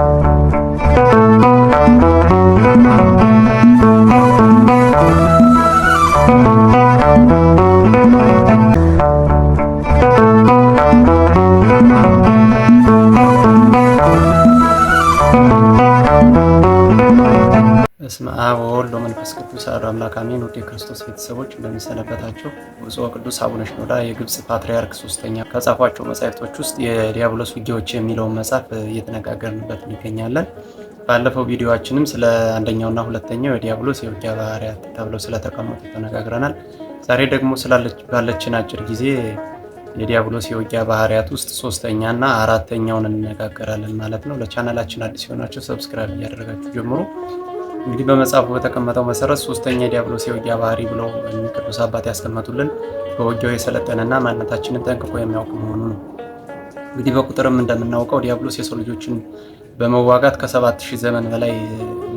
Thank you. በስመ አብ ወወልድ ወመንፈስ ቅዱስ አሐዱ አምላክ አሜን። ውድ የክርስቶስ ቤተሰቦች እንደምንሰነበታችሁ። ብፁዕ ቅዱስ አቡነ ሽኖዳ የግብፅ ፓትርያርክ ሶስተኛ ከጻፏቸው መጻሕፍቶች ውስጥ የዲያብሎስ ውጊያዎች የሚለውን መጽሐፍ እየተነጋገርንበት እንገኛለን። ባለፈው ቪዲዮችንም ስለ አንደኛውና ሁለተኛው የዲያብሎስ የውጊያ ባህርያት ተብለው ስለተቀመጡ ተነጋግረናል። ዛሬ ደግሞ ባለችን አጭር ጊዜ የዲያብሎስ የውጊያ ባህሪያት ውስጥ ሶስተኛ እና አራተኛውን እንነጋገራለን ማለት ነው። ለቻናላችን አዲስ የሆናቸው ሰብስክራይብ እያደረጋችሁ ጀምሮ እንግዲህ በመጽሐፉ በተቀመጠው መሰረት ሶስተኛ ዲያብሎስ የውጊያ ባህሪ ብለው ቅዱስ አባት ያስቀመጡልን በውጊያው የሰለጠነና ማንነታችንን ጠንቅቆ የሚያውቅ መሆኑ ነው። እንግዲህ በቁጥርም እንደምናውቀው ዲያብሎስ የሰው ልጆችን በመዋጋት ከሰባት ሺህ ዘመን በላይ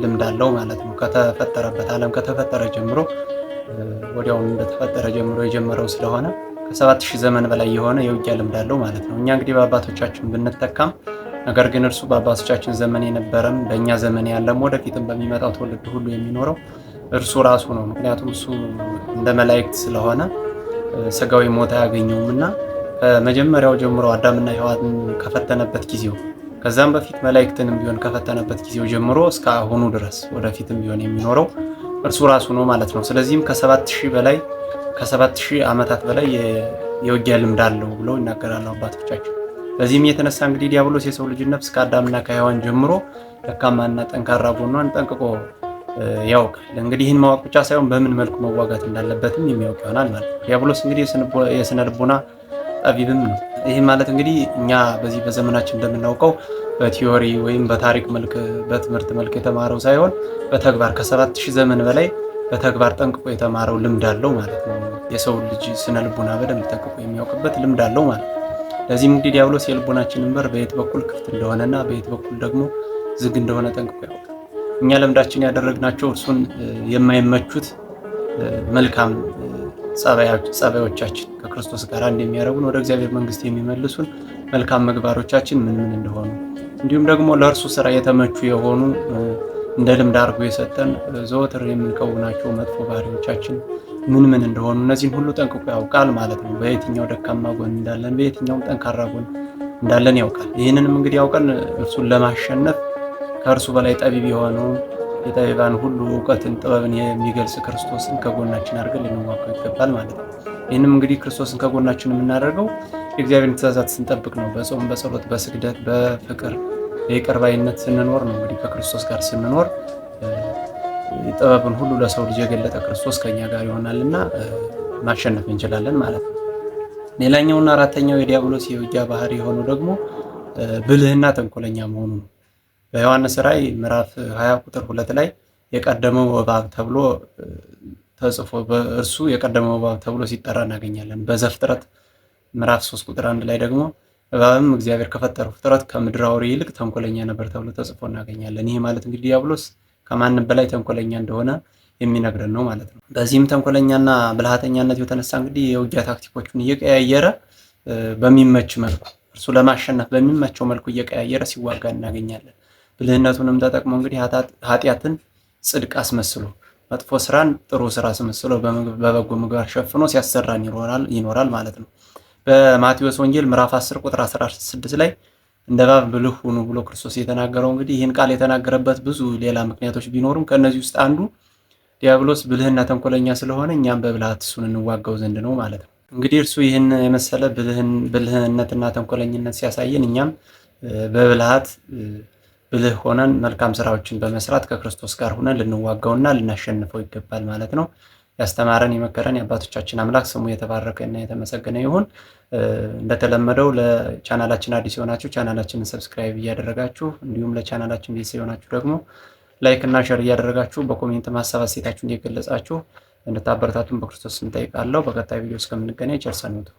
ልምድ አለው ማለት ነው። ከተፈጠረበት ዓለም ከተፈጠረ ጀምሮ ወዲያውኑ እንደተፈጠረ ጀምሮ የጀመረው ስለሆነ ከሰባት ሺህ ዘመን በላይ የሆነ የውጊያ ልምድ አለው ማለት ነው። እኛ እንግዲህ በአባቶቻችን ብንተካም ነገር ግን እርሱ በአባቶቻችን ዘመን የነበረም በእኛ ዘመን ያለም ወደፊትም በሚመጣው ትውልድ ሁሉ የሚኖረው እርሱ ራሱ ነው። ምክንያቱም እሱ እንደ መላእክት ስለሆነ ስጋዊ ሞት አያገኘውም እና ከመጀመሪያው ጀምሮ አዳምና ህዋትን ከፈተነበት ጊዜው ከዛም በፊት መላእክትንም ቢሆን ከፈተነበት ጊዜው ጀምሮ እስከ አሁኑ ድረስ ወደፊትም ቢሆን የሚኖረው እርሱ ራሱ ነው ማለት ነው። ስለዚህም ከሰባት ሺህ በላይ ከሰባት ሺህ ዓመታት በላይ የውጊያ ልምድ አለው ብለው ይናገራሉ አባቶቻቸው። በዚህም የተነሳ እንግዲህ ዲያብሎስ የሰው ልጅ ነፍስ ከአዳምና ከሔዋን ጀምሮ ደካማና ጠንካራ ጎኗን ጠንቅቆ ያውቃል። እንግዲህ ይህን ማወቅ ብቻ ሳይሆን በምን መልኩ መዋጋት እንዳለበትም የሚያውቅ ይሆናል ማለት ነው። ዲያብሎስ እንግዲህ የስነ ልቦና ጠቢብም ነው። ይህ ማለት እንግዲህ እኛ በዚህ በዘመናችን እንደምናውቀው በቲዮሪ ወይም በታሪክ መልክ በትምህርት መልክ የተማረው ሳይሆን በተግባር ከሰባት ሺህ ዘመን በላይ በተግባር ጠንቅቆ የተማረው ልምድ አለው ማለት ነው። የሰው ልጅ ስነ ልቦና በደንብ ጠንቅቆ የሚያውቅበት ልምድ አለው ማለት ነው። ለዚህም እንግዲህ ዲያብሎስ የልቦናችንን በር በየት በኩል ክፍት እንደሆነና በየት በኩል ደግሞ ዝግ እንደሆነ ጠንቅቆ ያውቃል። እኛ ልምዳችን ያደረግናቸው እርሱን የማይመቹት መልካም ጸባዮቻችን ከክርስቶስ ጋር እንደሚያደርጉን ወደ እግዚአብሔር መንግስት የሚመልሱን መልካም ምግባሮቻችን ምን ምን እንደሆኑ እንዲሁም ደግሞ ለእርሱ ስራ የተመቹ የሆኑ እንደ ልምድ አድርጎ የሰጠን ዘወትር የምንከውናቸው መጥፎ ባህሪዎቻችን ምን ምን እንደሆኑ እነዚህን ሁሉ ጠንቅቆ ያውቃል ማለት ነው። በየትኛው ደካማ ጎን እንዳለን፣ በየትኛውም ጠንካራ ጎን እንዳለን ያውቃል። ይህንንም እንግዲህ ያውቀን እርሱን ለማሸነፍ ከእርሱ በላይ ጠቢብ የሆኑ የጠቢባን ሁሉ እውቀትን ጥበብን የሚገልጽ ክርስቶስን ከጎናችን አድርገን ልንዋጋው ይገባል ማለት ነው። ይህንም እንግዲህ ክርስቶስን ከጎናችን የምናደርገው የእግዚአብሔርን ትእዛዛት ስንጠብቅ ነው። በጾም በጸሎት በስግደት በፍቅር የቅርባይነት ስንኖር ነው እንግዲህ ከክርስቶስ ጋር ስንኖር ጥበብን ሁሉ ለሰው ልጅ የገለጠ ክርስቶስ ከኛ ጋር ይሆናልና ማሸነፍ እንችላለን ማለት ነው። ሌላኛውና አራተኛው የዲያብሎስ የውጊያ ባህሪ የሆነው ደግሞ ብልህና ተንኮለኛ መሆኑ ነው። በዮሐንስ ራእይ ምዕራፍ 20 ቁጥር ሁለት ላይ የቀደመው እባብ ተብሎ ተጽፎ በእርሱ የቀደመው እባብ ተብሎ ሲጠራ እናገኛለን። በዘፍጥረት ምዕራፍ 3 ቁጥር አንድ ላይ ደግሞ እባብም እግዚአብሔር ከፈጠረው ፍጥረት ከምድር አውሬ ይልቅ ተንኮለኛ ነበር ተብሎ ተጽፎ እናገኛለን። ይህ ማለት እንግዲህ ዲያብሎስ ከማንም በላይ ተንኮለኛ እንደሆነ የሚነግረን ነው ማለት ነው። በዚህም ተንኮለኛና ብልሃተኛነት የተነሳ እንግዲህ የውጊያ ታክቲኮቹን እየቀያየረ በሚመች መልኩ እርሱ ለማሸነፍ በሚመቸው መልኩ እየቀያየረ ሲዋጋ እናገኛለን። ብልህነቱንም ተጠቅሞ እንግዲህ ኃጢአትን ጽድቅ አስመስሎ መጥፎ ስራን ጥሩ ስራ አስመስሎ በበጎ ምግባር ሸፍኖ ሲያሰራን ይኖራል ማለት ነው። በማቴዎስ ወንጌል ምዕራፍ 10 ቁጥር 16 ላይ እንደ እባብ ብልህ ሁኑ ብሎ ክርስቶስ የተናገረው እንግዲህ ይህን ቃል የተናገረበት ብዙ ሌላ ምክንያቶች ቢኖሩም ከእነዚህ ውስጥ አንዱ ዲያብሎስ ብልህና ተንኮለኛ ስለሆነ እኛም በብልሃት እሱን እንዋጋው ዘንድ ነው ማለት ነው። እንግዲህ እርሱ ይህን የመሰለ ብልህነትና ተንኮለኝነት ሲያሳየን እኛም በብልሃት ብልህ ሆነን መልካም ስራዎችን በመስራት ከክርስቶስ ጋር ሆነን ልንዋጋውና ልናሸንፈው ይገባል ማለት ነው። ያስተማረን የመከረን የአባቶቻችን አምላክ ስሙ የተባረከና የተመሰገነ ይሁን። እንደተለመደው ለቻናላችን አዲስ የሆናችሁ ቻናላችንን ሰብስክራይብ እያደረጋችሁ እንዲሁም ለቻናላችን ቤተሰብ የሆናችሁ ደግሞ ላይክ እና ሸር እያደረጋችሁ በኮሜንት ማሰብ አስተያየታችሁን እየገለጻችሁ እንድታበረታቱን በክርስቶስ ስም በቀጣይ ቪዲዮ እስከምንገናኝ ቸር ሰንብቱ።